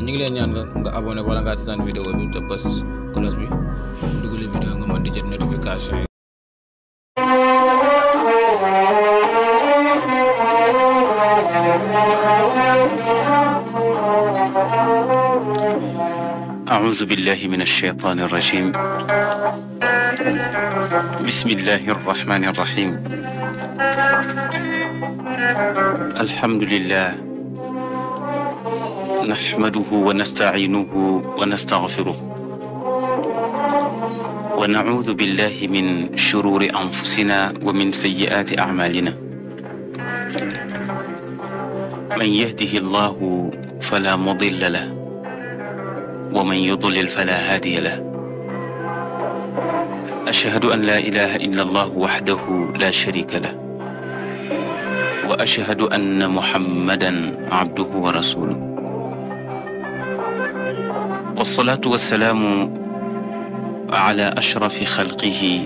ñu ngi leen ñaan nga nga abonné wala ngaa seetaan vidéo bi te bës cloche bi dugale vidéo nga mën di jot notification yi أعوذ بالله من الشيطان الرجيم بسم الله الرحمن الرحيم الحمد لله نحمده ونستعينه ونستغفره ونعوذ بالله من شرور أنفسنا ومن سيئات أعمالنا من يهده الله فلا مضل له ومن يضلل فلا هادي له أشهد أن لا إله إلا الله وحده لا شريك له وأشهد أن محمدا عبده ورسوله والصلاة والسلام على أشرف خلقه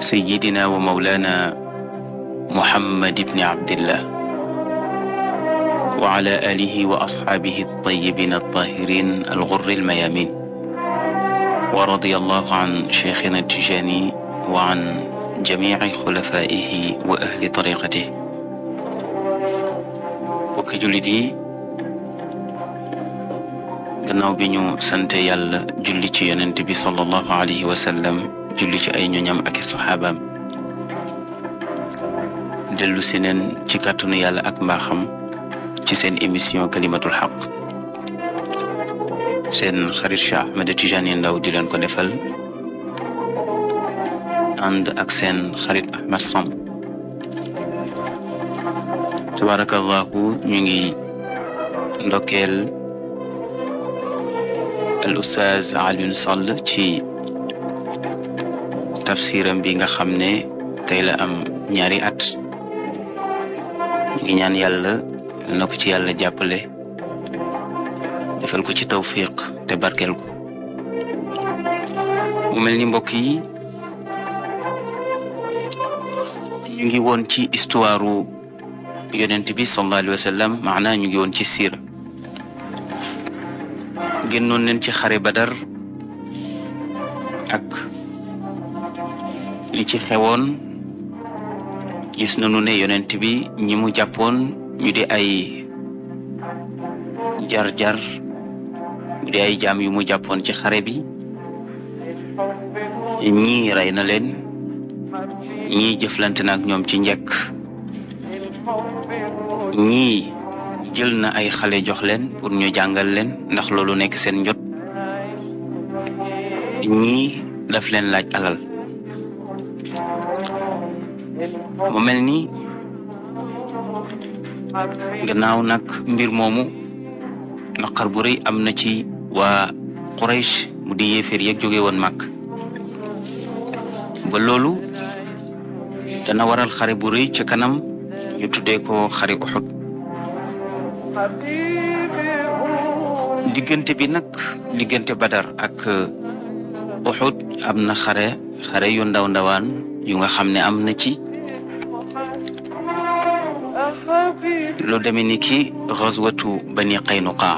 سيدنا ومولانا محمد بن عبد الله وعلى آله وأصحابه الطيبين الطاهرين الغر الميامين ورضي الله عن شيخنا التجاني وعن جميع خلفائه وأهل طريقته وكجلدي gannaaw bi ñu sante yàlla julli ci yonent bi sallallahu alayhi wa sallam julli ci ay ñoñam ak i saxaabaam dellu neen ci kàttanu yàlla ak mbaaxam ci seen émission kalimatul xaq seen xarit Cheikh Ahmed Tidiane Ndao di leen ko defal ànd ak seen xarit Ahmed Samb tabarakallahu ñu ngi ndokkeel al oustaz Alioune Sall ci tafsiram bi nga xam ne tey la am ñaari at ngi ñaan yàlla na ko ci yàlla jàppale defal ko ci tawfiq te barkel ko mu mel ni mbokk yi ñu ngi woon ci histoire yonent bi sallallahu alayhi wa sallam maanaam ñu ngi woon ci siira génnoon nañ ci xare badar ak li ci xewoon gis nañu ne yonent bi ñi mu jàppoon ñu di ay jar-jar ñu di ay jaam yu mu jàppoon ci xare bi ñii rey na leen ñii jëflante na ñoom ci njëkk ñii jël na ay xale jox leen pour ñu jàngal leen ndax loolu nekk seen njot ñii daf leen laaj alal mu mel ni gannaaw nag mbir moomu naqar bu rëy am na ci waa Quraysh mu di yéeféer yeeg jóge woon màkk ba loolu dana waral xare bu rëy ca kanam ñu tuddee ko xare Uhud diggante bi nag diggante Badar ak uh, Uhud am na xare xare yu ndaw ndawaan yu nga xam ne am na ci loo deme niki ki xazwatu bani qaynuqa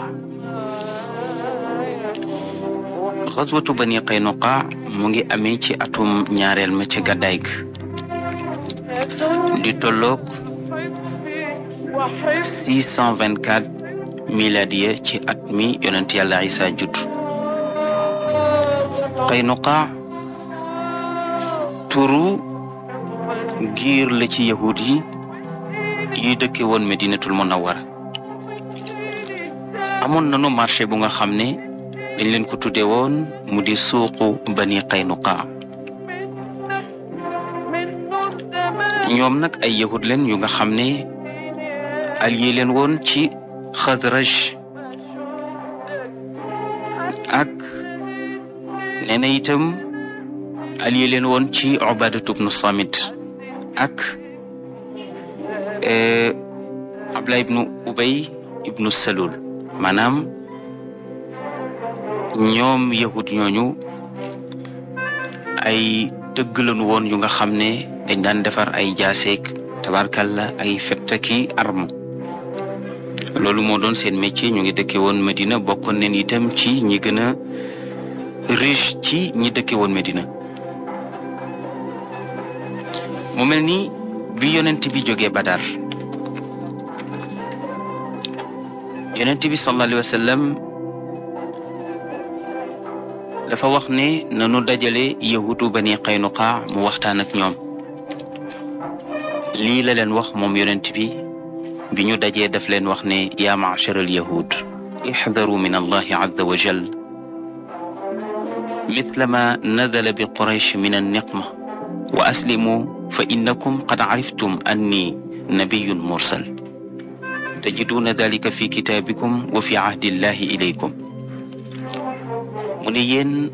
xazwatu bani qaynuqa mu ngi amee ci atum ñaareel ma ci gàddaay di tolloog 624 miladiye ci at mi yonent yàlla Isa judd Qaynuqa turu giir la ci yahud yi yi dëkke woon Medinatul Munawwara amoon nanu marché bu nga xam ne dañ leen ko tudde woon mu di suuqu bani Qaynuqa ñoom nag ay yahud leen yu nga xam ne allié leen woon ci xadraj ak nee na itam allié leen woon ci Ubaadatu Samit ak Abdullah ibnu Ubay ibnu Salul maanaam ñoom yahud ñooñu ay dëgg lañu woon yu nga xam ne dañ daan defar ay jaaseek tabarkalla ay fettaki arme loolu moo doon seen métier ñu ngi dëkke woon bokkoon neen itam ci ñi gën a riche ci ñi dëkke woon Medina mu mel ni bi yonent bi jóge Badar yonent bi sallallahu alayhi wa dafa wax ne nanu dajale yahudu bani Qaynuqa mu waxtaan ak ñoom lii la leen wax moom yonent bi bi ñu dajee daf leen wax ne yaa ma'shar al-yahud ihdaru min allahi azza wa jal mithla ma nadala bi quraysh min an-niqma wa aslimu fa innakum qad ariftum anni nabiyyun mursal tajiduuna dalika fi kitaabikum wa fi ahdillahi ilaykum mu ne yéen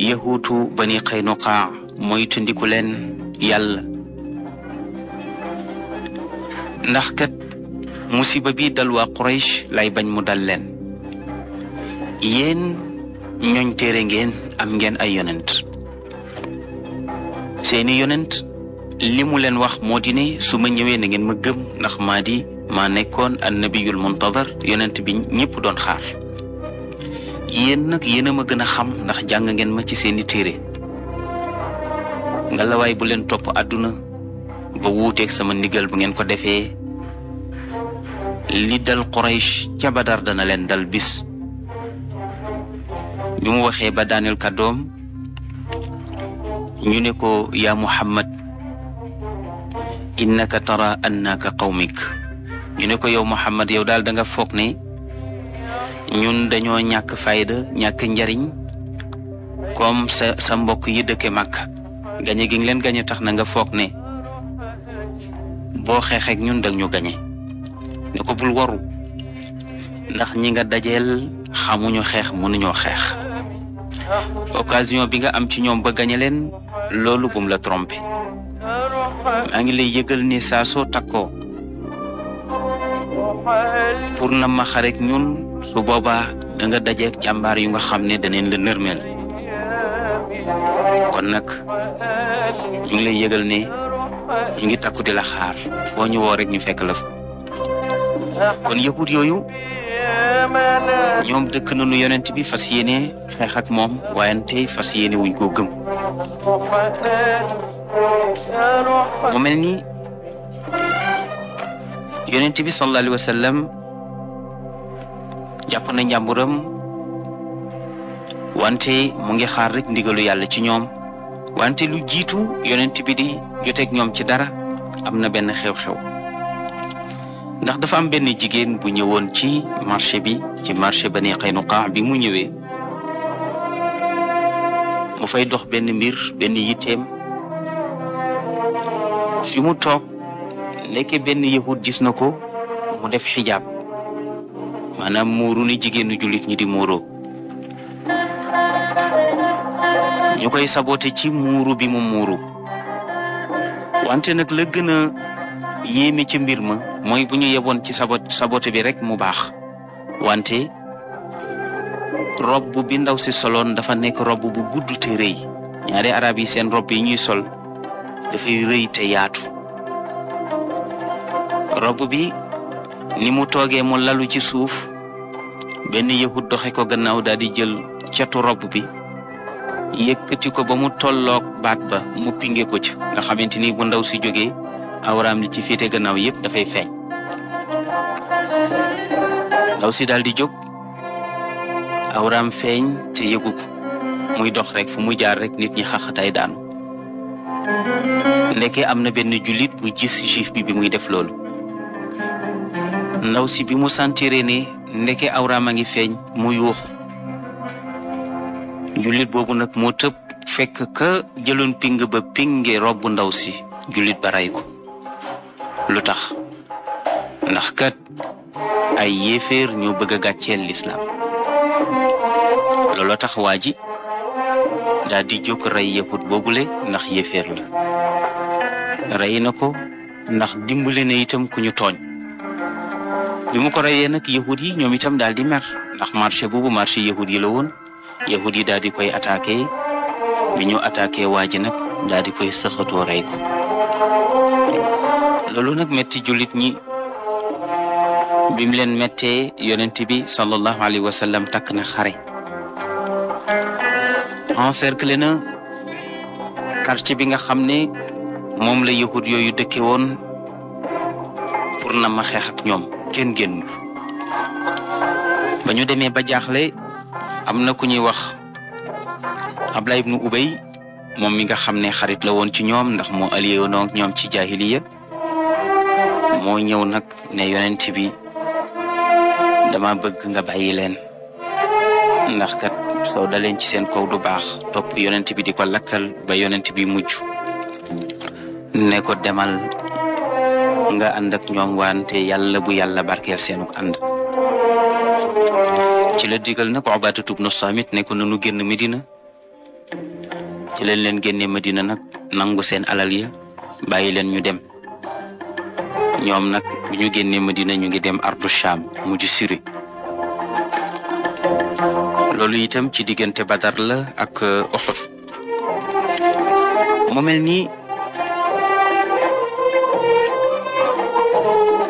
yahuutu bani qaynuqaa moytu ndiku leen yàlla ndax kat musiba bi dal waa Quraysh lay bañ mu dal leen yéen ñooñ téere ngeen am ngeen ay yonent seeni yonent li mu leen wax moo di ne su ma ñëwee na ngeen ma gëm ndax maa di maa nekkoon annabiyul muntazar yonent bi ñépp doon xaar yéen nag yéen a ma gën a xam ndax jàng ngeen ma ci seeni téere nga lawaay bu leen topp àdduna ba wuuteeg sama ndigal bu ngeen ko defee li dal Quraysh ca Badar dana leen dal bis bi mu waxee ba daaneel kàddoom ñu ne ko yaa Muhammad innaka tara annaka qawmik ñu ne ko yow Muhammad yow daal danga nga foog ne ñun dañoo ñàkk fayda ñàkk njariñ kom sa mbokk yi dëkke Makka gañe gi leen gañe tax na nga foog ne boo xeexeek ñun dag ñu gañe ne ko bul waru ndax ñi nga dajeel xamuñu xeex mënuñoo xeex occasion bi nga am ci ñoom ba gañe leen loolu bum la trompe maa ngi lay yëgal ni saa soo takkoo pour na ma xarek ñun su boobaa da nga dajeek jàmbaar yu nga xam ne daneen la nërmeel kon nag ñu ngi lay yëgal ne ñu ngi takku di la xaar foo ñu woo rek ñu fekk la fa kon yahut yooyu ñoom dëkk nañu yonent bi fas yéene xeex moom waayante fas yéene wuñ koo gëm mu mel ni yonent bi sallallahu alayhi wa sallam jàpp na njàmburam wante mu ngi xaar rek ndigalu yàlla ci ñoom wante lu jiitu yonent bi di joteeg ñoom ci dara am na benn xew-xew ndax dafa am benn jigéen bu ñëwoon ci marché bi ci marché Bani Qaynuqa bi mu ñëwee mu fay dox benn mbir benn yitteem fi mu toog ndeke benn yahud gis na ko mu def xijaab maanaam muuru ni jigéenu jullit ñi di muuroo ñu koy saboté ci muuru bi mu muuru wante nag la gën a yéeme ci mbir ma mooy bu ñu yeboon ci sabot saboté bi rek mu baax wante robb bi ndaw si soloon dafa nekk rob bu gudd te rëy ñaari arab yi seen rob yi ñuy sol dafay rëy te yaatu rob bi ni mu toogee mu lalu ci suuf benn yahut doxe ko gannaaw daal di jël cetu rob bi yëkkati ko ba mu tolloog baat ba mu pinge ko ca nga xamante ni bu ndaw si jógee awraam li ci féete gannaaw yëpp dafay feeñ ndaw si daal di jóg awraam feeñ te yëgu muy dox rek fu muy jaar rek nit ñi xaxatay daanu ndekkee am na benn jullit bu gis juif bi bi muy def loolu ndaw si bi mu sentire ne ndekkee awraam a ngi feeñ mu yuuxu jullit boobu nag moo tëb fekk ka jëloon ping ba pinge robb ndaw si jullit ba rey lu tax ndax kat ay yéeféer ñoo bëgg a gàcceel lislaam looloo tax waa ji daal di jóg rey yahut boobule ndax yéeféer la rey na ko ndax dimbale na itam ku ñu tooñ bi mu ko reyee nag yahut yi ñoom itam daal di mer ndax marché boobu marché yahut yi la woon yahud yi daal di koy attaqué bi ñu attaqué waa ji nag daal di koy sëxatoo rey ko loolu nag metti julit ñi bim leen méttee yonent bi sallallahu alayhi wa sallam takk na xare encerclé na quartier bi nga xam ne moom la yahud yooyu dëkke woon pour na ma xeex ak ñoom kenn génnul ba ñu demee ba jaaxle am na ku ñuy wax Abdallah ibnu Ubay moom mi nga xam ne xarit la woon ci ñoom ndax moo allié woon ñoom ci jaahiliya moo ñëw nag ne yonent bi dama bëgg nga bàyyi leen ndax kat soo daleen ci seen kaw du baax topp yonent bi di ko lakkal ba yonent bi mujj ne ko demal nga ànd ñoom wante yàlla bu yàlla barkeel seenuk ànd ci la digal nag Ubaadatu ibnu Saamit ne ko nanu génn Medina ci lañ leen génne madina nag nangu seen alal ya bàyyi leen ñu dem ñoom nag ñu génne madina ñu ngi dem ardu Sham mujj Syrie loolu itam ci diggante Badar la ak uh, Uhud mu mel ni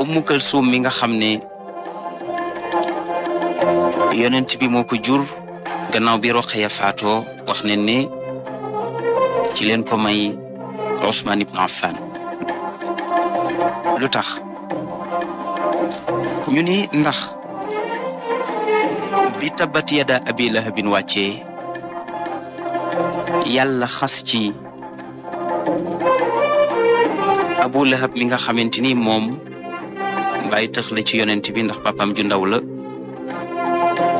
Ummu Kalsum mi nga xam ne yonent bi moo ko jur gannaaw bi Roqaya faatoo wax ne ne ci leen ko may Ousmane Ibn lu tax ñu ni ndax bi tabbat yada abi lahabin wàccee yàlla xas ci abu lahab mi nga xamante ni moom bàyyi tax la ci yonent bi ndax papam ju ndaw la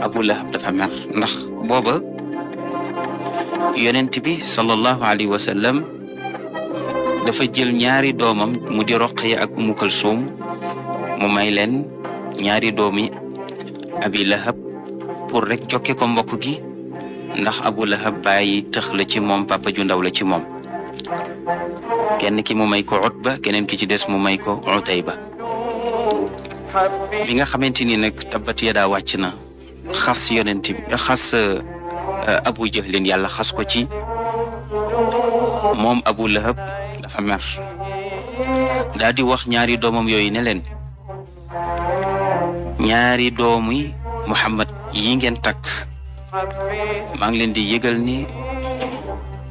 Abu Lahab dafa mer ndax booba yonent bi sallallahu alayhi wa sallam dafa jël ñaari doomam mu di Roqaya ak Umu Kalsum mu may leen ñaari doomi Abi Lahab pour rek jokke ko mbokk gi ndax Abu Lahab bàyyi tëx la ci moom papa ndaw la ci moom kenn ki mu may ko ba keneen ki ci des mu may ko Utayba bi nga xamante ni nag tabbat yadaa wàcc na xas yonent bi xas eh, abu jahlin yàlla xas ko ci moom abu lahab dafa mer daa wax ñaari doomam yooyu ne leen ñaari doomi muhammad yi ngeen takk maa ngi leen di yëgal ni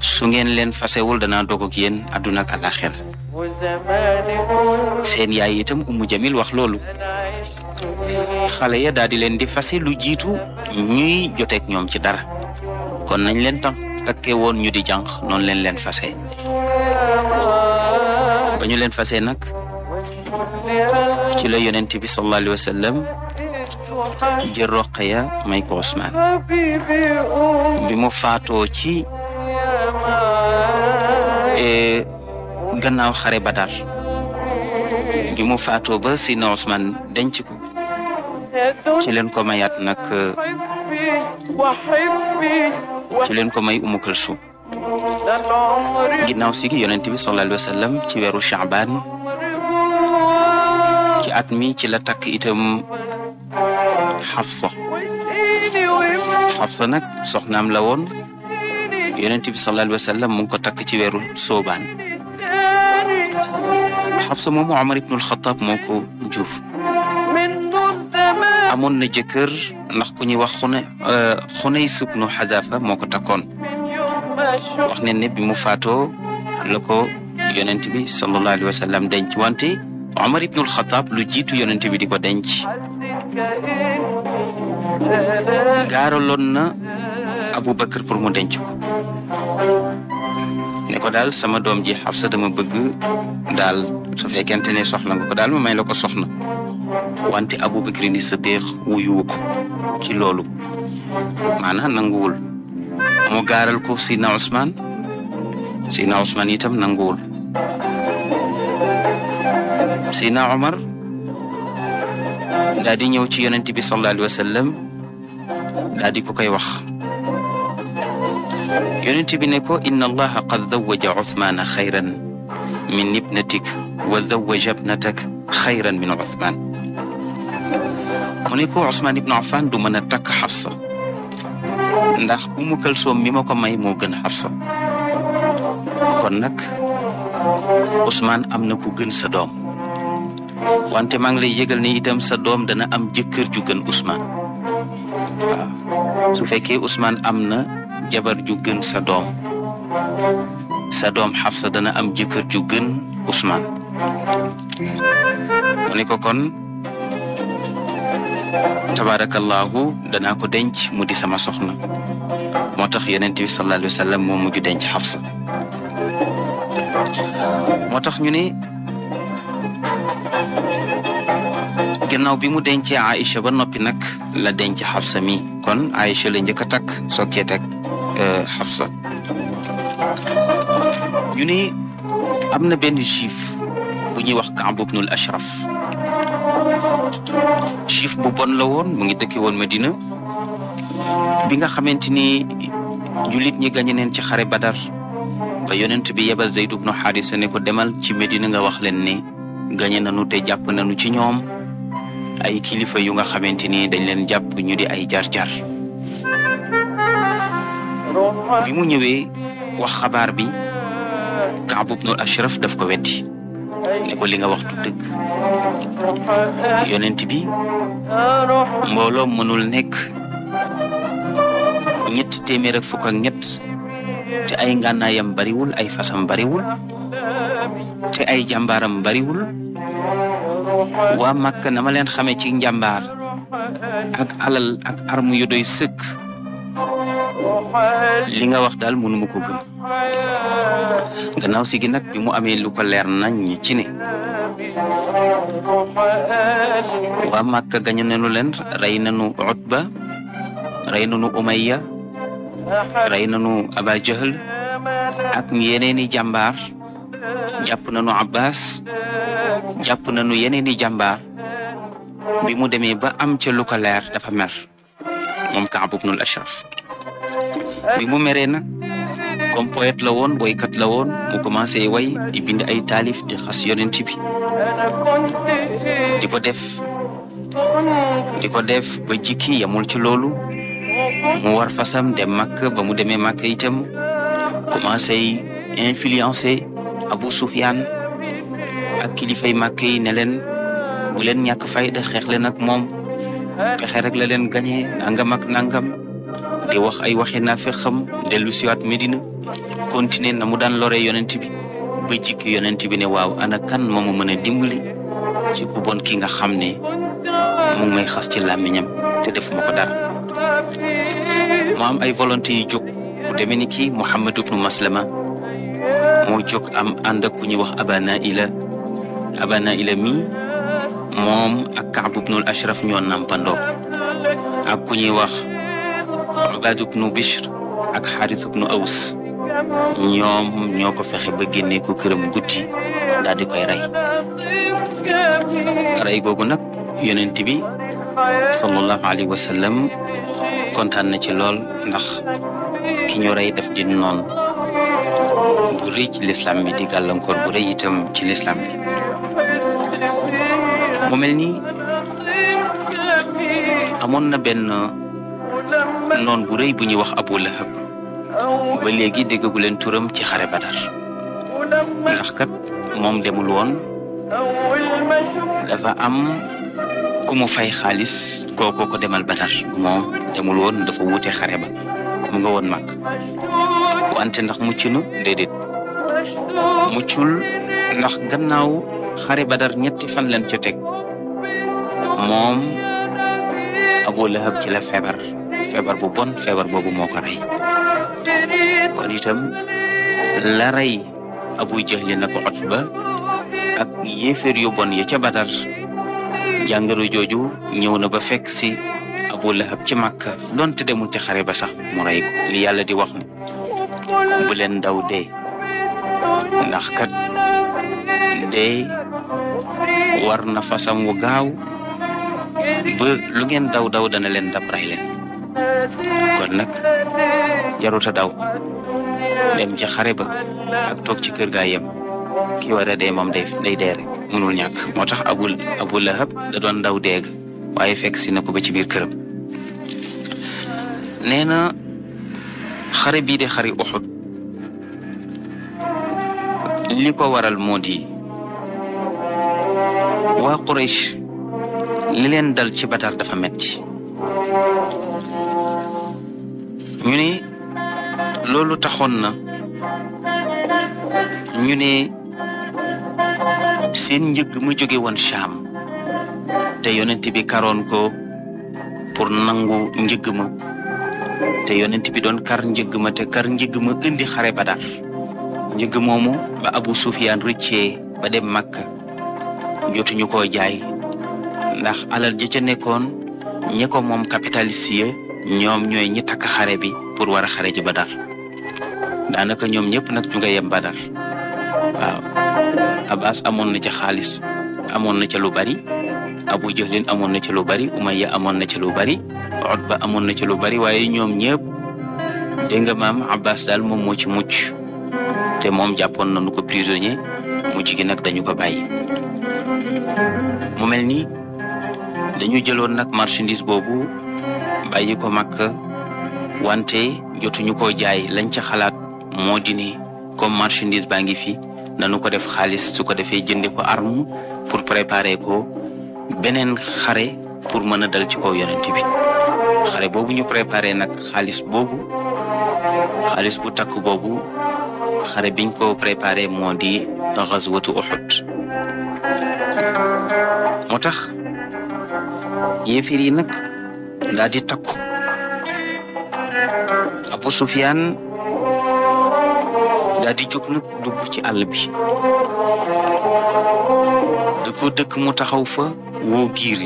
su ngeen leen fasewul danaa dog ak yéen àdduna ak àllaaxira seen yaay itam umu jamil wax loolu xale ya daal di leen di fase lu jiitu ñuy joteek ñoom ci dara kon nañ leen tam takkee woon ñu di jànq noonu leen leen fase ba ñu leen fase nag ci la yonent bi sallallahu alayhi wa sallam jël Roqaya may ko Ousmane bi mu faatoo ci e, gannaaw xare Badar bi mu faatoo ba Seydina Ousmane denc ko ci leen ko mayaat nag ci leen ko may Umu Kulsum ginnaaw si gi yonent bi sallallahu alayhi ci weeru Shaaban ci at mi ci la takk itam Xafsa Xafsa nag soxnaam la woon yonent bi sallallahu alayhi mu ngi ko takk ci weeru Soobaan Xafsa moomu Omar ibnul Xataab ko jur amoon na jëkkër ndax ku ñuy wax xune euh, xuney subnu xadafa moo ko takkoon wax ne ne bi mu faatoo la ko yonent bi sallallahu alayhi wa denc wante Omar ibnul Xataab lu jiitu yonent bi di ko denc gaaraloon na Abu Bakar pour mu denc ko ne ko daal sama doom ji Xafsa dama bëgg daal su fekkente ne soxla nga ko daal ma may la ko soxna wante Abubakar ni Siddiq wuyuwu ko ci loolu maanaam nanguwul mu gaaral ko Sidna Ousmane Sidna Ousmane itam nanguwul Sidna Omar daal di ñëw ci yonent bi sallallahu alayhi wa sallam daal di ko koy wax yonent bi ne ko inna allaha qad dawaja Ousmana xayran min ibnatik wa dawaja ibnatak xayran min Ousmane mu ne ko Ousmane Ibn Affan du mën a takk Hafsa ndax Umu Kalsoom mi ma ko may moo gën Hafsa kon nag Ousmane am na ku gën sa doom wante maa ngi lay yëgal ni itam sa doom dana am jëkkër ju gën Ousmane su fekkee Ousmane am na jabar ju gën sa doom sa doom Hafsa dana am jëkkër ju gën Ousmane mu ne ko kon. tabaarakallaahu danaa ko denc mu di sama soxna moo tax yonent bi sallallahu alayhi wa moo mujj denc Xafsa moo tax ñu ni ginnaaw bi mu dencee Aïcha ba noppi nag la denc Xafsa mi kon Aïcha la njëkk a takk sokkee teg Xafsa euh, ñu ne am na benn juif bu ñuy wax Kaab ibnul Ashraf juif bu bon la woon mu ngi dëkke woon Medina bi nga xamante ni jullit ñi gañe neen ci xare Badar ba yonent bi yebal Zayd ibnu Haarisa ne ko demal ci Medina nga wax leen ni gañe nanu te jàpp nanu ci ñoom ay kilifa yu nga xamante ni dañ leen jàpp ñu di ay jar-jar bi mu ñëwee wax xabaar bi Kaab ibnu Ashraf daf ko weddi ni ko li nga waxtu dëgg yonent bi mbooloo mënul nekk ñetti téeméer ak fukk ak ñett te ay ngànnaayam bariwul ay fasam bariwul te ay jàmbaaram bariwul waa Màkka na leen xamee ci njàmbaar ak alal ak arme yu doy sëkk li nga wax daal mënuma mu ko gëm gannaaw si nag bi mu amee lu ko leer nañ ci ne waa Màkka gañu nañu leen rey nañu Utba rey nañu Umayya rey nañu Aba Jahl ak yeneeni jàmbaar jàpp nañu Abbas jàpp nañu yeneeni jàmbaar bi mu demee ba am ca lu ko leer dafa mer moom Kaab ibnul Ashraf bi mu meree nag comme poète la woon woykat la woon mu commencé way di bind ay taalif di xas yonent bi di ko def di ko def ba jikki yamul ci loolu mu war fasam dem màkk ba mu demee màkk itam commencé influencé Abu Sufyaan ak kilifay màkk yi ne leen bu leen ñàkk fayda xeex leen ak moom pexe la leen gañee nangam ak nangam di wax ay waxi naafeq xam dellu siwaat Medina continuer na mu daan lore yonent bi ba jikki yonent bi ne waaw ana kan moomu mën a dimbali ci ku bon ki nga xam ne mu ngi may xas ci làmmiñam te defuma ko dara mu am ay volonté yu jóg ku demee ni kii Muhammad ibnu Maslama moo jóg am ànd ak ku ñuy wax Abana Ila Abana Ila mii moom ak Kaab ibnul Ashraf ñoo nampandoo ak ku ñuy wax Ubaad ibnu Bishr ak Xaaris ibnu Aws ñoom ñoo ko fexe ba génnee ko këram guddi daal di koy rey rey googu nag yonent bi sallallahu alayhi wa sallam kontaan na ci lool ndax ki ñu rey def di noonu bu rëy ci lislaam bi di gàllankoor bu rëy itam ci lislaam bi mu mel ni amoon na benn noon bu rëy bu ñuy wax Abu Lahab ba léegi déggagu leen turam ci xare badar ndax kat moom demul woon dafa am ku mu fay xaalis kookoo ko demal badar moom demul woon dafa wute xare ba mu nga woon màg wante ndax mucc na déedéet muccul ndax gannaaw xare badar ñetti fan leen ca teg moom Abu Lahab ci la feebar feebar bu bon feebar boobu moo rey kon itam la rey abu jahlin ak utba ak yéeféer yu bon ya ca badar jàngoro jooju ñëw na ba fekk si abu lahab ci màkka donte demul ci xare ba sax mu rey ko yàlla di wax ne bu leen daw dee ndax kat dee war na fasam wu gaaw ba lu ngeen daw daw dana leen dab rey leen kon nag jarut a daw dem ci xare ba ak toog ci kër gaa yem ki war a dee moom day day dee rek ñàkk moo tax abu abu lahab da doon daw deeg waaye fekk si na ko ba ci biir këram nee na xare bii de xari Uhud li ko waral moo di waa li leen dal ci Badar dafa metti ñu ni loolu taxoon na ñu ne seen njëg mu jóge woon Cham te yonent bi karoon ko pour nangu njëg te yonent bi doon kar njëg ma te kar njëg ma indi xare Badar moomu ba Abu Sufyaan rëccee ba dem Makka jotuñu koo jaay ndax alal ja ca nekkoon ñe ko moom capitaliste ñoom ñooy ñi takk xare bi pour war a xare ji daanaka ñoom ñëpp nag ñu nga yem Badar waaw Abbas amoon na ca xaalis amoon na ca lu bari Abu Jahlin amoon na ca lu bari Umayya amoon na ca lu bari Utba amoon na ca lu bari waaye ñoom ñëpp dégg nga maam Abbas daal moom moo ci mucc te moom jàppoon nañu ko prisonnier mujj gi nag dañu ko bàyyi mu mel ni dañu jëloon nag marchandise boobu. bàyyi ko Makka wante jotuñu ko jaay lañ ca xalaat moo di ne comme marchandise baa ngi fi nanu ko def xaalis su ko defee jënde ko armu pour préparer ko beneen xare pour mën a dal ci kaw yonent bi xare boobu ñu préparé nag xaalis boobu xaalis bu takk boobu xare biñ ko préparer moo di gazwatu Uhud moo tax yéefir yi daal di takku Abu Sufyaan daal di jóg ci àll bi da ko dëkk mu taxaw fa woo giir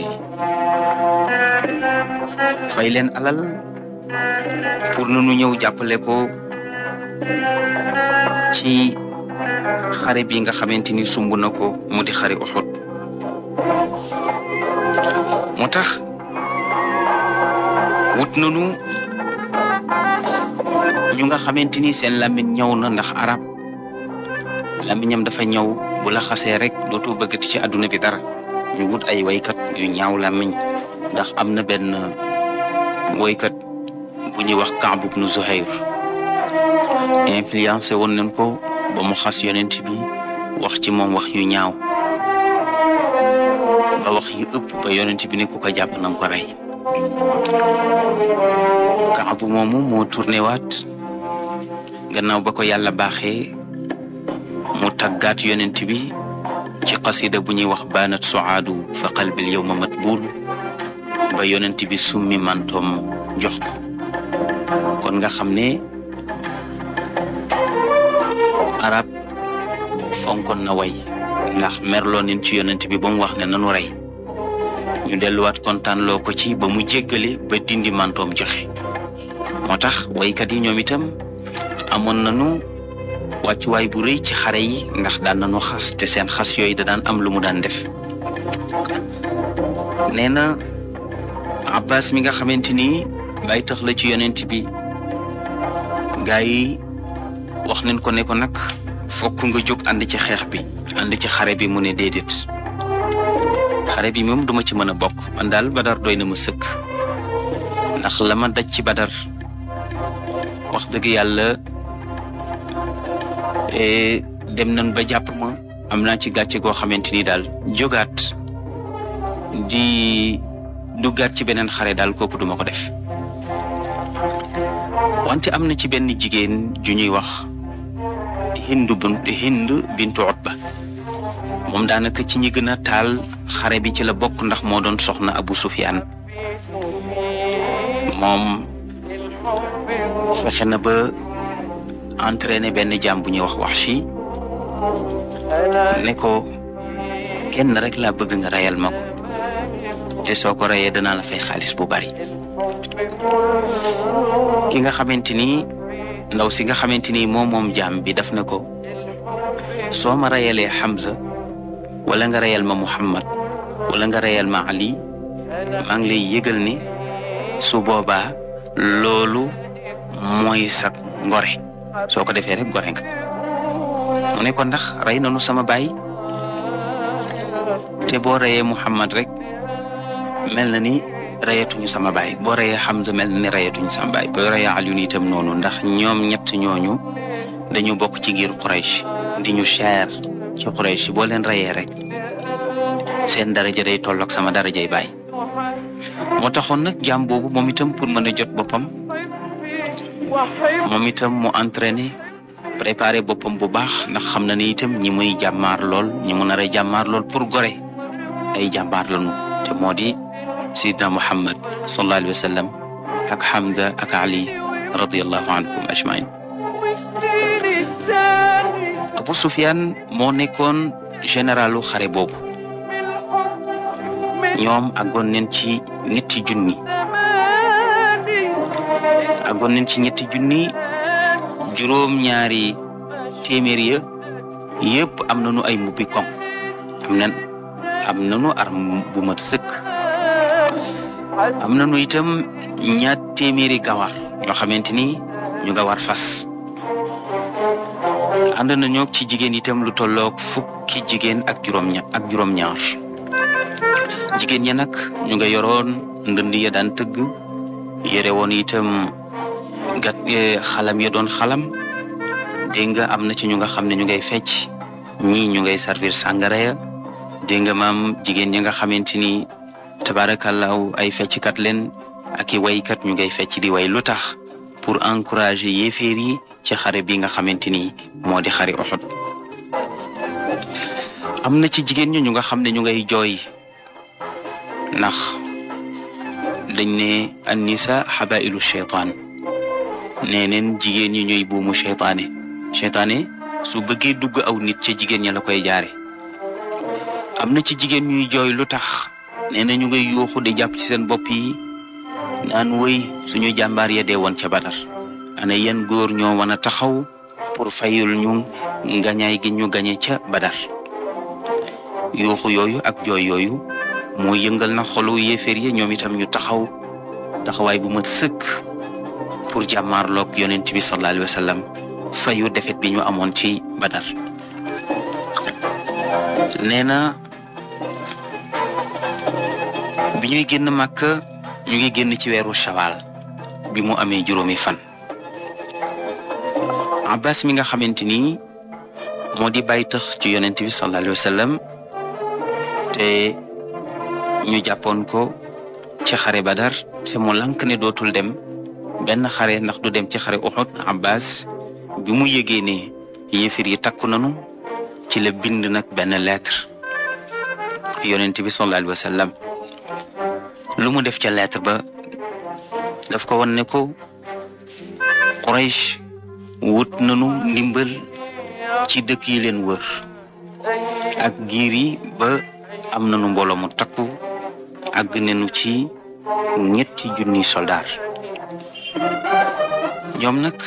fay leen alal pour nu ñëw jàppale ko ci xare bi nga xamante ni sumb ko mu di xare Uhud moo tax wut nanu ñu nga xamante ni seen làmmiñ ñaw na ndax arab làmmiñam dafa ñaw bu la xasee rek dootoo bëggati ci àdduna bi dara ñu wut ay waykat yu ñaaw làmmiñ ndax am na benn woykat bu ñuy wax Kaab ibnu Zuhayr influencé woon nañ ko ba mu xas yonent bi wax ci moom wax yu ñaaw ba wax yu ëpp ba yonent bi ne ku ko jàpp nam ko rey Kaabu moomu moo tourné waat gannaaw ba ko yàlla baaxee mu tàggaat yonent bi ci xasida bu ñuy wax baanat suaadu fa qalbil yow ma matbuul ba yonent bi summi mantoom jox kon nga xam ne arab fonkoon na way ndax merloo nin ci yonent bi ba mu wax ne nanu rey ñu delluwaat kontaanloo ko ci ba mu jéggale ba dindi mantoom joxe moo tax waykat yi ñoom itam amoon nañu wàccuwaay bu rëy ci xare yi ndax daan nañu xas te seen xas yooyu da daan am lu mu daan def nee na Abbas mi nga xamante ni bay tax la ci yonent bi gaa yi wax nañ ko ne ko nag fokk nga jóg ànd ci xeex bi ànd ci xare bi mu ne déedéet xare bi moom duma ci mën a bokk man daal badar doy na ma sëkk ndax la daj ci badar wax dëgg yàlla e, dem nañ ba jàpp ma am naa ci gàcce goo xamante ni daal jógaat di duggaat ci beneen xare daal kooku duma ko def wante am na ci benn jigéen ju ñuy wax hindu bintu Utba moom daanaka ci ñi gën a taal xare bi ci la bokk ndax moo doon soxna Abu Sufyaan moom fexe na ba ne benn jaam bu ñuy wax si ne ko kenn rek laa bëgg nga rayal ma te soo ko reyee danaa la fay xaalis bu bari ki nga xamante ni ndaw si nga xamante ni moom moom jaam bi daf na ko soo ma reyalee Hamza wala nga reyal ma Muhammad wala nga reyal ma Ali maa ngi lay yëgal ni su boobaa loolu mooy sa ngore soo ko defee rek gore nga mu ne ndax rey nanu sama baay te boo reyee Muhammad rek mel na ni reyatuñu sama baay boo reyee xam mel na ni reyatuñu sama baay boo reyee Alioune itam noonu ndax ñoom ñett ñooñu dañu bokk ci giir Quraysh di ñu cher. su Quraysh boo leen rayee rek seen daraja day tolloog sama darajay baay moo taxoon nag jaam boobu moom itam pour mën a jot boppam moom itam mu entraîné préparé boppam bu baax ndax xam na ni itam ñi muy jàmmaar lool ñi mu nar a jàmmaar lool pour gore ay jàmbaar lañu te moo di Sidna Muhammad sallallahu alayhi wa ak Hamza ak Ali radiyallahu anhum Abu Sufyaan moo nekkoon généralu xare boobu ñoom àggoon nañ ci ñetti junni àggoon nañ ci ñetti junni juróom ñaari téeméer ya yëpp am nañu ay mbubbi am na am nañu arme bu mat sëkk am nañu itam ñaat téeméeri gawar ñoo xamante ni ñu gawar fas na nañoo ci jigéen itam lu tolloog fukki jigéen ak juróom ak juróom-ñaar jigéen ña nag ñu nga yoroon ndënd ya daan tëgg yore woon itam gat eh, xalam ya doon xalam dégg nga am na ci ñu nga xam ne ñu ngay fecc ñii ñu ngay servir sàngara ya dégg nga maam jigéen ñi nga xamante ni tabaarakallaahu ay fecckat leen ak i waykat ñu ngay fecc di way lu tax pour encourager yéeféer yi ci xare bi nga xamante ni moo di xare Uhud am na ci jigéen ñi ñu nga xam ne ñu ngay jooy ndax dañ ne annisa xabailu cheytaan nee neen jigéen ñi ñooy buumu cheytaane cheytaane su bëggee dugg aw nit ca jigéen ña la koy jaare am na ci jigéen ñuy jooy lu tax nee na ñu ngay yuuxu di jàpp ci seen bopp yi naan wëy suñu jàmbaar ya dee woon ca Badar ana yan góor ñoo wan a taxaw pour fayul ñu ngañaay gi ñu gañe ca Badar yuuxu yooyu ak jooy yooyu moo yëngal na xolu yéeféer yi ñoom itam ñu taxaw taxawaay bu ma sëkk pour jàmmaarloog yonent bi sallallahu alayhi wa sallam fayu defet bi ñu amoon ci Badar nee na bi ñuy ñu ngi génn ci weeru shawaal bi mu amee juróomi fan abbas mi nga xamante ni moo di bàyyi ci yonent bi sallallahu alayhi wa ñu jàppoon ko ci xare badar te mu lank ne dootul dem benn xare ndax du dem ci xare uxut abbas bi mu yëgee ne yéefir yi takku nanu ci la bind nag benn lettre yonent bi sallallahu alayhi wa sallam lu mu def ca lettre ba daf ko wan ne ko Quraysh wut nanu ndimbal ci dëkk yi leen wër ak giir yi ba am na nu mbooloo mu takku àgg nenu ci ñetti junniy soldaar ñoom nag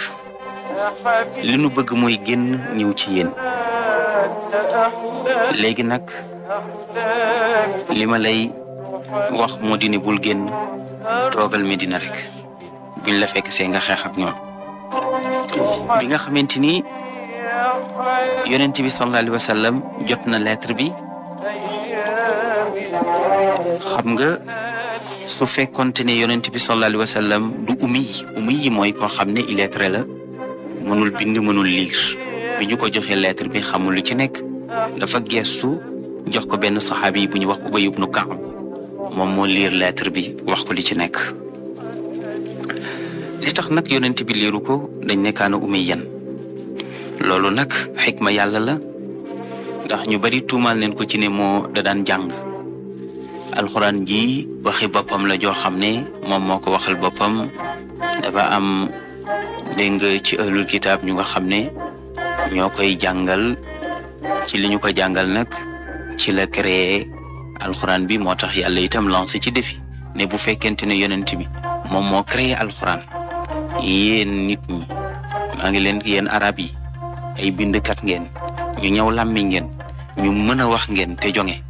li nu bëgg mooy génn ñëw ci yéen léegi nag li ma lay wax moo di ne bul génn toogal Medina rek buñ la fekk see nga xeex ak ñoom bi nga xamante ni yonent bi sallallahu alayhi jot na lettre bi xam nga su fekkonte ne yonent bi sallallahu alayhi du ummi yi ummi mooy koo xam ne illettré la mënul bind mënul lire buñu ko joxee lettre bi xamul lu ci nekk dafa gestu jox ko benn saxaabi bu ñu wax Ubay ibnu Kaab moom moo liir lettre bi wax ko li ci nekk li tax nag yonent bi liiru ko dañ nekkaana umayyan loolu nag xikma yàlla la ndax ñu bari tuumaal leen ko ci ne moo da daan jàng alxuraan ji waxi boppam la joo xam ne moom moo ko waxal boppam dafa am dégg nga ci ahlul kitaab ñu nga xam ne ñoo koy jàngal ci li ñu ko jàngal nag ci la créé alxuraan bi moo tax yàlla itam lancé ci défi ne bu fekkente ne yonent bi moom moo créé alxuraan yéen nit ñi maa ngi leen yéen arab yi ay bindkat ngeen ñu ñëw làmmi ngeen ñu mën a wax ngeen te ngi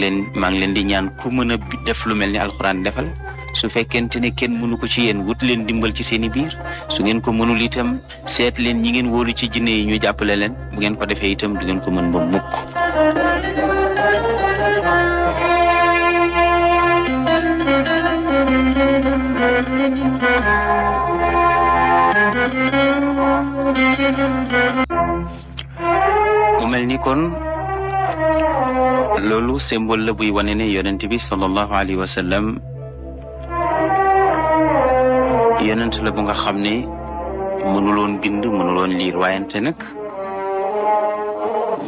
leen maa ngi leen di ñaan ku mën a def lu mel ni alxuraan defal su fekkente ne kenn mënu ko ci yéen wut leen dimbal ci seen i biir su ngeen ko mënul itam seet leen ñi ngeen wóolu ci jinne yi ñu jàppale leen bu ngeen ko defee itam du ko mën ba mukk mu mel ni kon loolu symbole la buy wane ne yonent bi sallallahu alayhi wa sallam yonent la bu nga xam ne mënuloon bind mënuloon liir waayante nag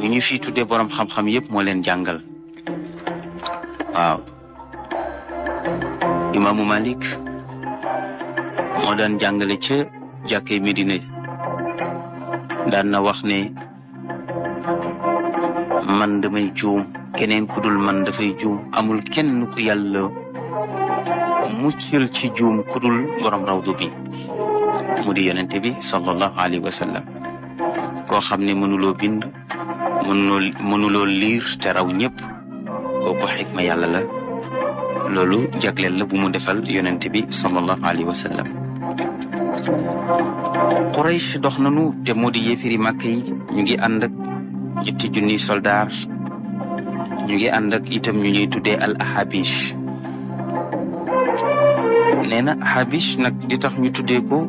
ñu ñu fi tuddee borom xam-xam yëpp moo leen jàngal. waaw imaamu Malik moo daan jàngale ca jàkkee Medina daan na wax ne man damay juum keneen ku dafay juum amul kenn ku yàlla muccal ci juum ku dul borom rawdu bi mu di yonente bi sallallahu alayhi wa koo xam ne mënuloo bind mënuloo mënuloo liir te raw ñëpp kooku xikma yàlla la loolu jagleel la bu mu defal yonent bi sallallahu alayhi wa sallam Quraysh dox nanu te moo di yéefiri yi ñu ngi ànd ak ñetti junniy soldaar ñu ngi ànd itam ñu ñuy tuddee al ahabish nee na ahabish nag di tax ñu tuddee ko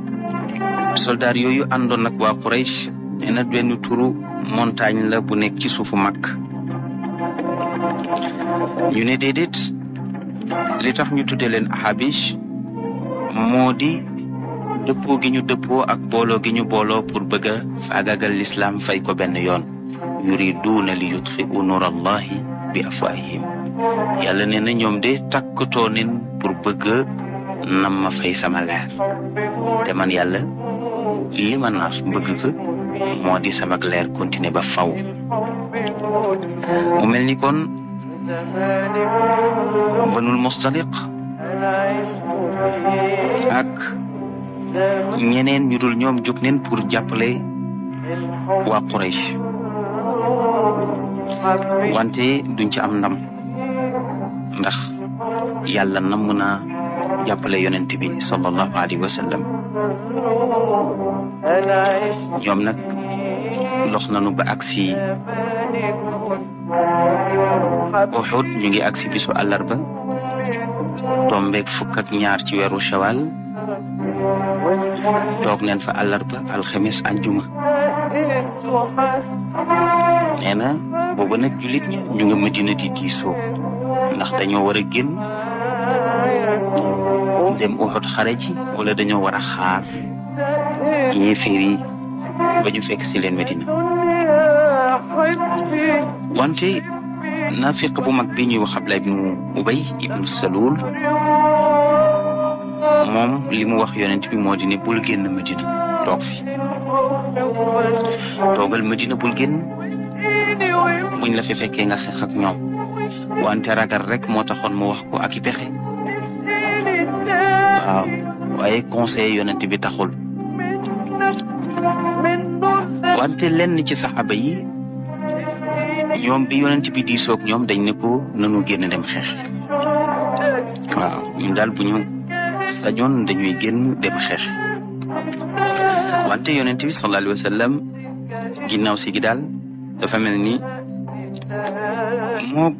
soldaar yooyu àndoon nag waa Quraysh nee na benn turu montagne la bu nekk ci suufu màkk ñu ne déedéet li tax ñu tuddee leen ahabish moo di dëppoo gi ñu dëppoo ak booloo gi ñu booloo pour bëgg a faagagal lislaam fay ko benn yoon yuriduuna li yutfiu nuur allahi bi afwaahihim yàlla nee na ñoom de takkatoo nin pour bëgg nam ma fay sama leer te man yàlla li ma nar bëgg ko moo di sama leer continuer ba faw mu mel ni kon banul mustaliq ak ñeneen ñu dul ñoom jóg neen pour jàppale waa wante duñ ci am ndam ndax yàlla namm naa jàppale yonent bi sallallahu alayhi wa o Uhud ñu ngi agsi bisu àllarba tombeeg fukk ak ñaar ci weeru shawal toog neen fa àllarba alxemes àjjuma nee na booba nag jullit ñi ñu nga Madina di diisoo ndax dañoo war a génn dem Uhud xare ji wala dañoo war a xaar yéeféer ba ñu fekk si leen Madina wante naafiq bu mag bi ñuy wax Abdallah ibnu Ubay ibnu Salul moom li mu wax yonent bi moo di ne bul génn Madina toog fi toogal Madina bul génn buñ la fi fekkee nga xeex ak ñoom wante ragal rek moo taxoon mu wax ko ak i pexe waaw conseil yonent bi taxul wante lenn ci saxaaba yi ñoom bi yonent bi diisoog ñoom dañ ne ko nanu génn dem xeex waaw ñun daal bu ñu sañoon dañuy génn dem xeex wante yonent bi sallallahu alayhi ginnaaw si gi daal dafa mel ni moo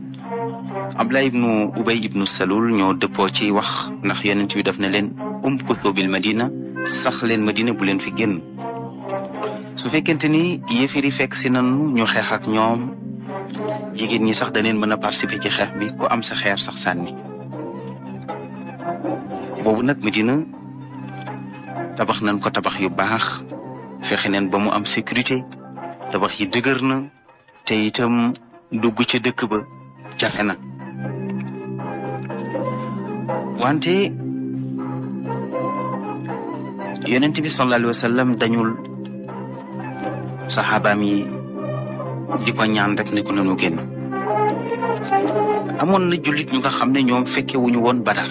lay ibnu Ubay ibnu Salul ñoo dëppoo ci wax ndax yonent bi daf na leen umkuthu bil madina sax leen madina bu leen fi génn su fekkente ni yëfiri fekk si nanu ñu xeex ak ñoom jigéen ñi sax daneen mën a participer ci xeex bi ku am sa xeer sax sànni boobu nag Medina tabax nañ ko tabax yu baax fexe neen ba mu am sécurité tabax yi dëgër na te itam dugg ca dëkk ba jafe na wante yonent bi sallallahu alayhi wa dañul saxaabam yi di ko ñaan rek ne ko nanu génn amoon na julit ñu nga xam ne ñoom fekke wuñu woon badar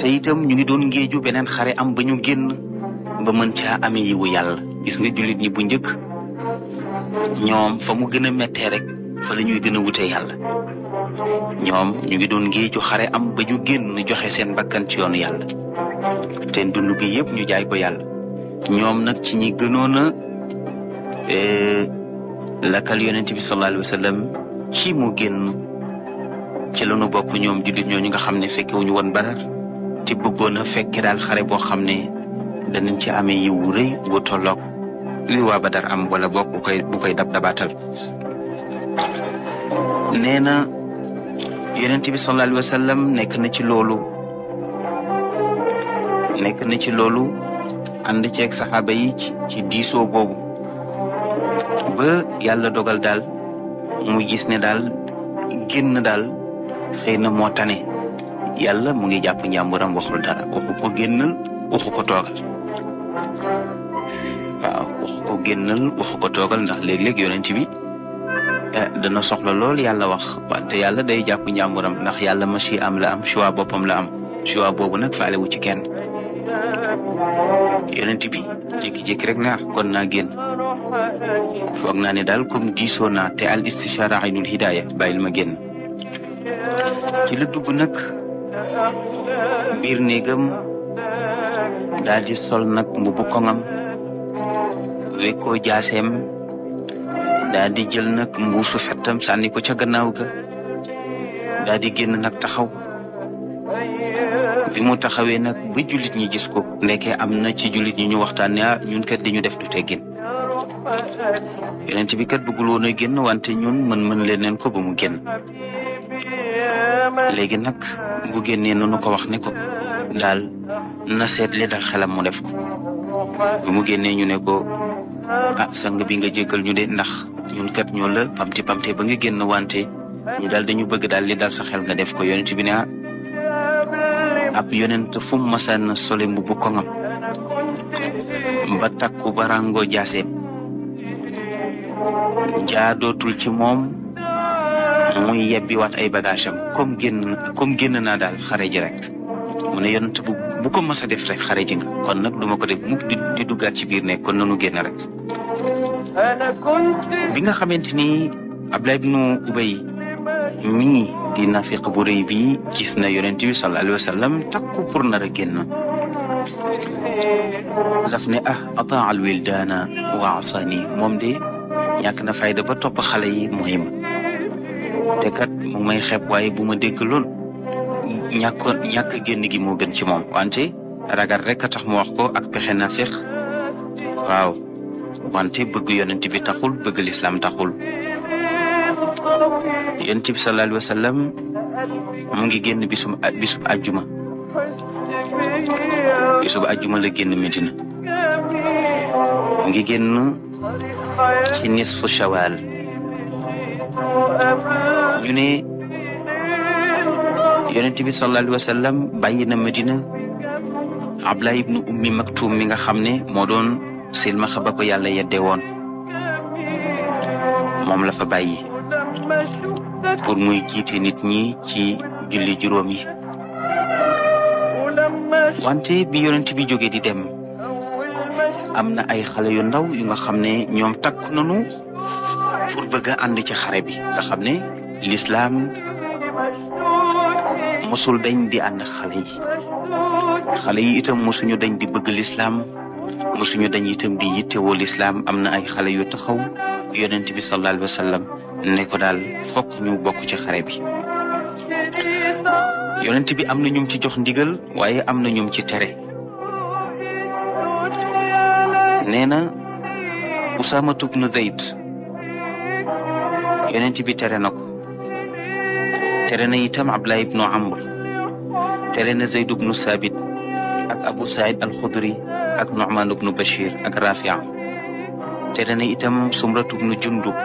te itam ñu ngi doon ngéeju beneen xare am bañu ñu génn ba mën caa amee yiwu yàlla gis nga jullit ñi bu njëkk ñoom fa mu gën a méttee rek fa la ñuy gën a wutee yàlla ñoom ñu ngi doon ngéeju xare am bañu ñu génn joxe seen bakkan ci yoonu yàlla te dund gi yëpp ñu jaay ko yàlla ñoom nag ci ñi E, lakkal yonent bi sallallahu alayhi wa sallam ci mu génn ci la ñu bokk ñoom jullit ñooñu nga xam ne fekke wuñu woon Badar ci bëggoon a fekke daal xare boo xam ne danañ ci amee yi wu wu tolloog li waa Badar am wala bokk bu koy dab dabaatal nee na yonent bi sallallahu alayhi wa sallam nekk na ci loolu nekk na ci loolu ànd ceeg saxaaba yi ci diisoo boobu ba yàlla dogal daal mu gis ne daal génn daal xëy na moo tane yàlla mu ngi jàpp njàmburam waxul dara waxu ko génnal waxu ko toogal waaw waxu ko génnal waxu ko toogal eh, dana soxla lool yàlla wax wante yàlla day jàpp njàmburam ndax yàlla masi am la am choix boppam la am choix boobu nag faale wu ci kenn yonent bi jékki-jékki rek naa ah, kon naa génn. foog naa ne daal comme diisoo naa te al istichara aynul hidaaya bàyyil ma génn ci lu dugg nag biir néegam daal di sol nag mbubu koŋam wekkoo jaaseem daal di jël nag mbuusu fettam sànni ko ca gannaaw ga daal di génn nag taxaw bi mu taxawee nag ba jullit ñi gis ko ndekkee am na ci julit ñi ñu waxtaan ne ah ñun kat li ñu def du teggin yonent bi kat bëggul woon génn wante ñun mën mën leen neen ko ba mu génn léegi nag bu génnee nunu ko wax ne ko daal na seetle daal xelam mu def ko bu mu génnee ñu ne ko ah sang bi nga jéggal ñu de ndax ñun kat ñoo la pamti pamte ba nga génn wante ñu daal dañu bëgg daal li dal sa xel nga def ko yonent bi ne ah ab yonent fu mu masaan sole mbubu koŋam ba takku ba rango jaaseem jaadootul ci moom muy yebbiwaat ay bagage am comme génn comme génn naa daal xare ji rek mu ne yonent bu bu def rek xare ji kon nag duma ko def mukk di duggaat ci biir nekk kon nanu génn rek bi nga xamante ni Abdullah ibnu Ubay mii di nafiq bu bi gis na yonent bi sallallahu alayhi wa sallam takku pour nar a génn daf ne ah ataa al wildaana wa asani moom de ñàkk na fayda ba topp xale yi muhim te kat mu may xep waaye bu ma dégg loon ñàkkoon ñàkk génn gi moo gën ci moom wante ragal rek a tax mu wax ko ak pexe na fex waaw wante bëgg yonent bi taxul bëgg lislaam taxul yonent bi sallallahu alayhi wa sallam mu ngi génn bisum bisub ajjuma bisub ajjuma la génn Medina mu ngi génn ci nisfu shawal ñu ne yonent bi sallallahu alayhi wa na Madina Abdullah ibnu Ummi Maktum mi nga xam ne moo doon silmaxa ba ko yàlla yeddee woon moom la fa muy jiite nit ñi ci julli juróom yi wante bi yonent bi jóge di dem am na ay xale yu ndaw yu nga xam ne ñoom takk nañu pour bëgg a ànd ci xare bi nga xam ne lislaam mosul dañ di ànd xale yi xale yi itam mosuñu dañ di bëgg lislaam mosuñu dañ itam di yittewoo lislaam am na ay xale yu taxaw yonent bi sallallahu alayhi wa sallam ne daal fokk ñu bokk ci xare bi yonent bi am na ñum ci jox ndigal waaye am na ñum ci tere nee na Usaama ibn Zayd yonent bi tere na ko tere na itam abla ibn Amr tere na Zayd ibn Saabit ak Abu Saïd al-Khudri ak Nu'man ibn Bashir ak Rafi'a tere na itam Sumrat ibn Jundub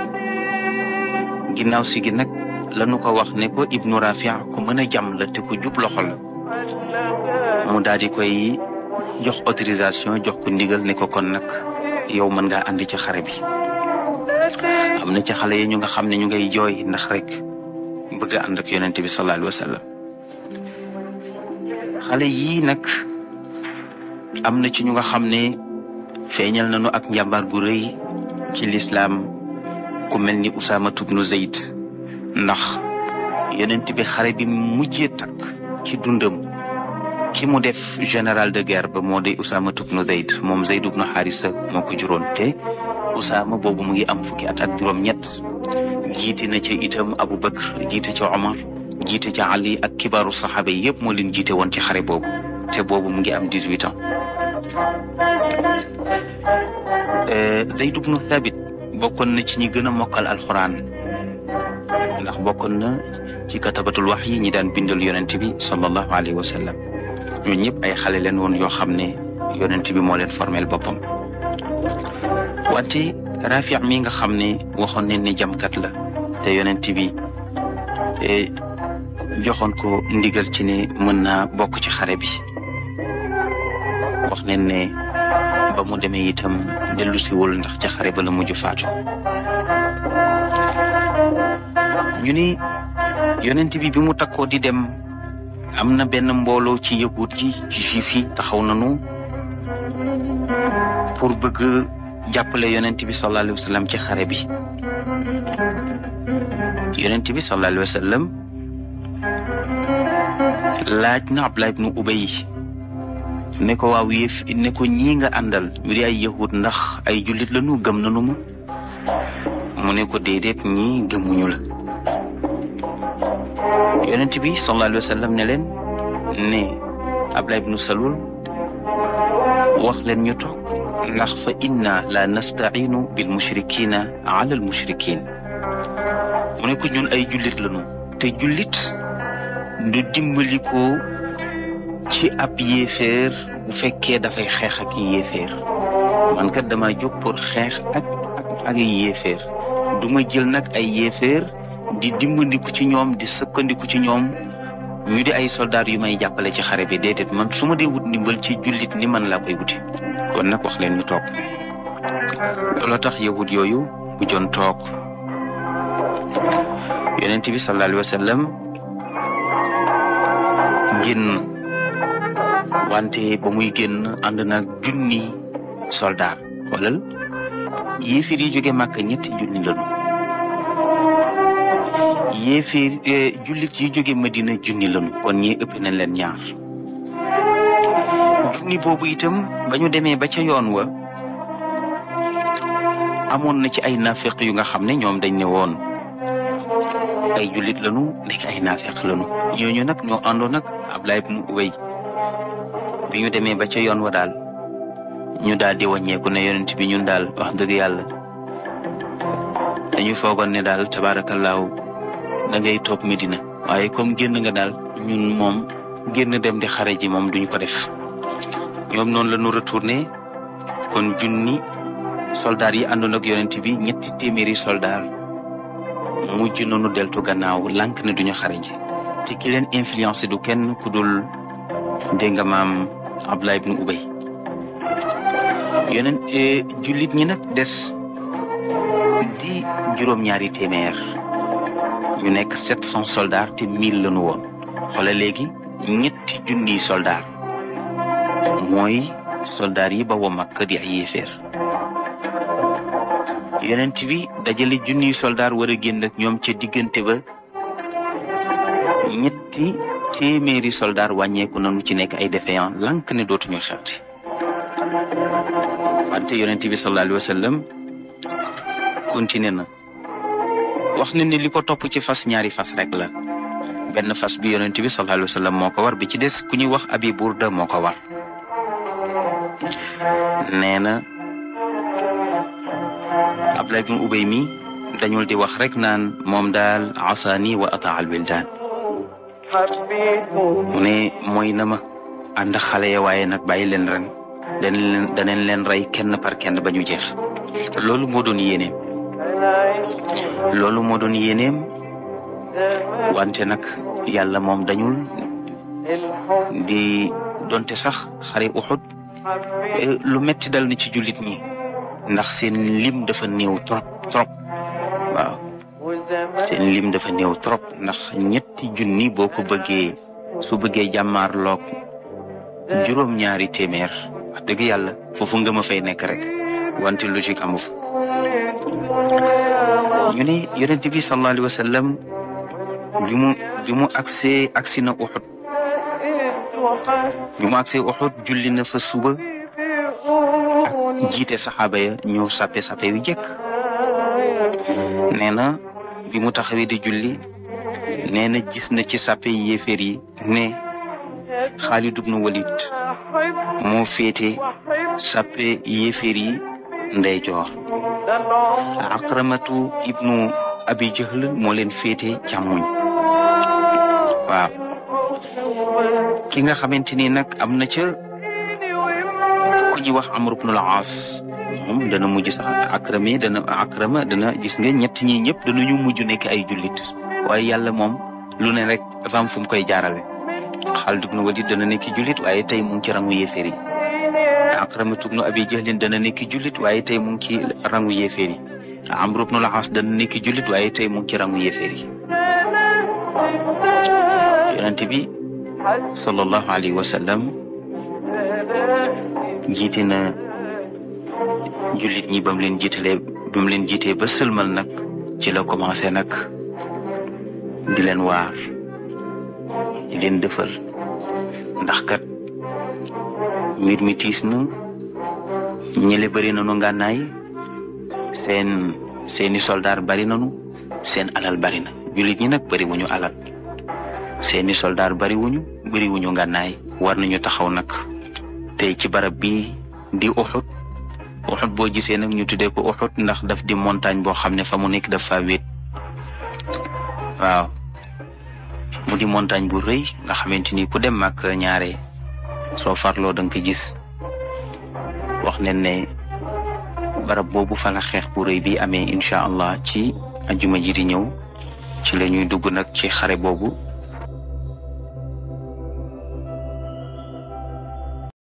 ginnaaw si gi nag lanu ko wax ne ko ibnu Rafi'a ku mën a jàmm la te ku jub loxo mu daal jox autorisation jox ko ndigal ne ko kon nag yow mën ngaa andi ci xare bi am na ci xale yi ñu nga xam ne ñu ngay jooy ndax rek bëgg a yonent bi sallallahu alayhi wa xale yii nag am na ci ñu nga xam ne feeñal nañu ak njàmbaar gu rëy ci lislaam ku mel ni Usaama ibnu Zayd ndax yonent bi xare bi mujjee takk ci dundam ki mu def général de guerre ba moo di Usaama ibnu Zayd moom Zayd ibnu Haarisa moo ko juróon te Usaama boobu mu ngi am fukki at ak juróom-ñett jiite na ca itam Abu Bakr jiite ca Omar jiite ca Ali ak kibaaru saxaaba yëpp moo leen jiite woon ci xare boobu te boobu mu ngi am dix-huit ans. Euh, Zayd ibnu Thabit bokkoon na ci ñi gën a mokkal alxuraan ndax bokkon na ci katabatul wax yi ñi daan bindal yonent bi sallallahu alayhi ñoo ñëpp ay xale leen woon yoo xam ne yonent bi moo leen formel boppam wante Rafi' mi nga xam ne waxoon nañ ne jamkat la te yonent bi e, joxoon ko ndigal ci ne mën naa bokk ci xare bi wax nañ ba mu demee itam dellu siwul ndax ca xare ba la mujj faatu ñu ni bi bi mu takkoo di dem am na benn mbooloo ci yëgut yi ci juif yi taxaw nañu pour bëgg jàppale yonent bi sallallahu alayhi ci xare bi yonent bi sallallahu alayhi wa sallam laaj na Abdullah ibnu Ubay ne ko waaw yëf ne ko ñii nga àndal ñu di ay yahut ndax ay jullit lañu gëm nañu ma mu ne ko déedéet ñii gëmuñu la yonent bi sallallahu alayhi wa sallam ne leen ne Abdullah ibnu Salul wax leen ñu toog ndax fa inna la nastainu bil mushrikina ala al mu ne ko ñun ay jullit lañu te jullit du dimbalikoo ci ab yéeféer bu fekkee dafay xeex ak man kat dama jóg pour xeex ak ak ak yéeféer du ma jël nag ay yéeféer di dimbandiku ci ñoom di sëkkandiku ci ñoom ñu di ay soldaar yu may jàppale ci xare bi déedéet man su ma dee wut ndimbal ci jullit ni man laa koy wuti kon nag wax leen ñu toog looloo tax yahud yooyu bu joon toog yonent bi sallallahu alayhi wa sallam wante ba muy génn ànd naag junni soldaar xoolal yéefir yi jóge màkk ñetti junni lañu yéeféer eh, jullit yi jóge Madina junni lañu kon ñi ëpp nañ leen ñaar junni boobu itam ba ñu demee ba ca yoon wa amoon na ci ay naafeq yu nga xam ne ñoom dañ ne woon ay jullit lañu nekk ay naafeq lañu ñooñu nag ñoo àndoon ak Ablaay ibnu Uway bi ñu demee ba ca yoon wa daal ñu daal di wàññeeku ne yonent bi ñun daal wax dëgg yàlla dañu foogoon ne daal tabaarakallaahu dangay toog Medina waaye comme génn nga daal moom génn dem di xare ji moom duñu ko def ñoom noonu la ñu retourné kon junni soldaar yi àndoon ak yonent bi ñetti téeméeri soldaar mujj noonu deltu gannaaw lank ne duñu xare ji te ki leen influencé du kenn ku dul dégg nga maam Abdullah ibn Ubay yeneen eh, jullit ñi nag des di juróom-ñaari téeméer ñu nekk sept cent soldats te mille la woon xoolal léegi ñetti junniy soldats mooy soldats yi ba woo Makka di ay yéeféer yonent bi dajale junniy soldats war a génn ak ñoom ca diggante ba ñetti téeméeri soldats wàññeeku nanu ci nekk ay défaillant lank ne dootuñu xetti wante yonent bi sallallahu alayhi na. wax na ni liko topp ci fas ñaari fas rek la benn fas bi yonent bi sallallahu alayhi wa sallam moo ko war bi ci des ku ñuy wax abi burda moo ko war nee na Abdullah ibn Ubay mi dañul di wax rek naan moom daal asaani wa ataa al wildaan mu ne mooy na ma ànd xale ya waaye nag bàyyi leen ren danañ leen leen rey kenn par kenn ba ñu jeex loolu moo doon yéene loolu moo doon yéeneem wante nag yàlla moom dañul di donte sax xare Uhud eh, lu metti dal na ci jullit ñi ndax seen lim dafa néew trop trop waaw seen lim dafa néew trop ndax ñetti junni boo ko bëggee su bëggee jàmmaar loog juróom-ñaari téeméer wax dëgg yàlla foofu nga ma fay nekk rek wante logique amu ñu ne yonent bi sallallahu alayhi wa sallam bi mu bi mu agsee agsi na Uxud bi mu julli na fa suba ak jiite saxaaba ya ñëw sappe sappe yu jëkk nee na bi mu taxawee di julli nee gis na ci sappe yéeféer yi ne Xaalid ibnu Walid moo féete sappe yéeféer yi ndeyjoor Akramatu ibnu Abi Jahl moo leen féete càmmuñ waaw ki nga xamante ni nag am na ca ku ñuy wax Amr ibnul Aas moom dana mujj sax akrame dana akrama dana gis nga ñett ñi ñëpp ñu mujj nekk ay jullit waaye yàlla moom lu ne rek dafa am fu mu koy jaarale Xaalid ibnu Walid dana nekk jullit waaye tey mu ngi ci rangu yéeféer Akramatu bnu Abi Jahlin dana nekki jullit waaye te mu ngi ci rangu yéeféer yi Amru bnu Laxas dana nekki jullit waaye te mu ngi ci rangu yéeféer yi yonent bi sallallahu alayhi wa sallam jiite na jullit ñi ba mu leen jiitalee leen jiitee ba sëlmal nag ci la commencé nag di leen waar di leen kat mbir mi tiis na ñële bëri nanu ngànnaay seen seeni soldaar bëri nanu seen alal bëri na jullit ñi nag bariwuñu alal seeni soldaar bariwuñu bariwuñu bëri wuñu ngànnaay war nañu taxaw nag tey ci barab bi di Uhud Uhud boo gisee nag ñu tuddee ko Uhud ndax daf di montagne boo xam ne fa mu nekk dafa wéet waaw mu di montagne bu rëy nga xamante ni ku dem ak ñaare soo farloo da nga ko gis wax ne ne barab boobu fa xeex bu rëy bi amee incha allah ci ajuma ji di ñëw ci la ñuy dugg nag ci xare boobu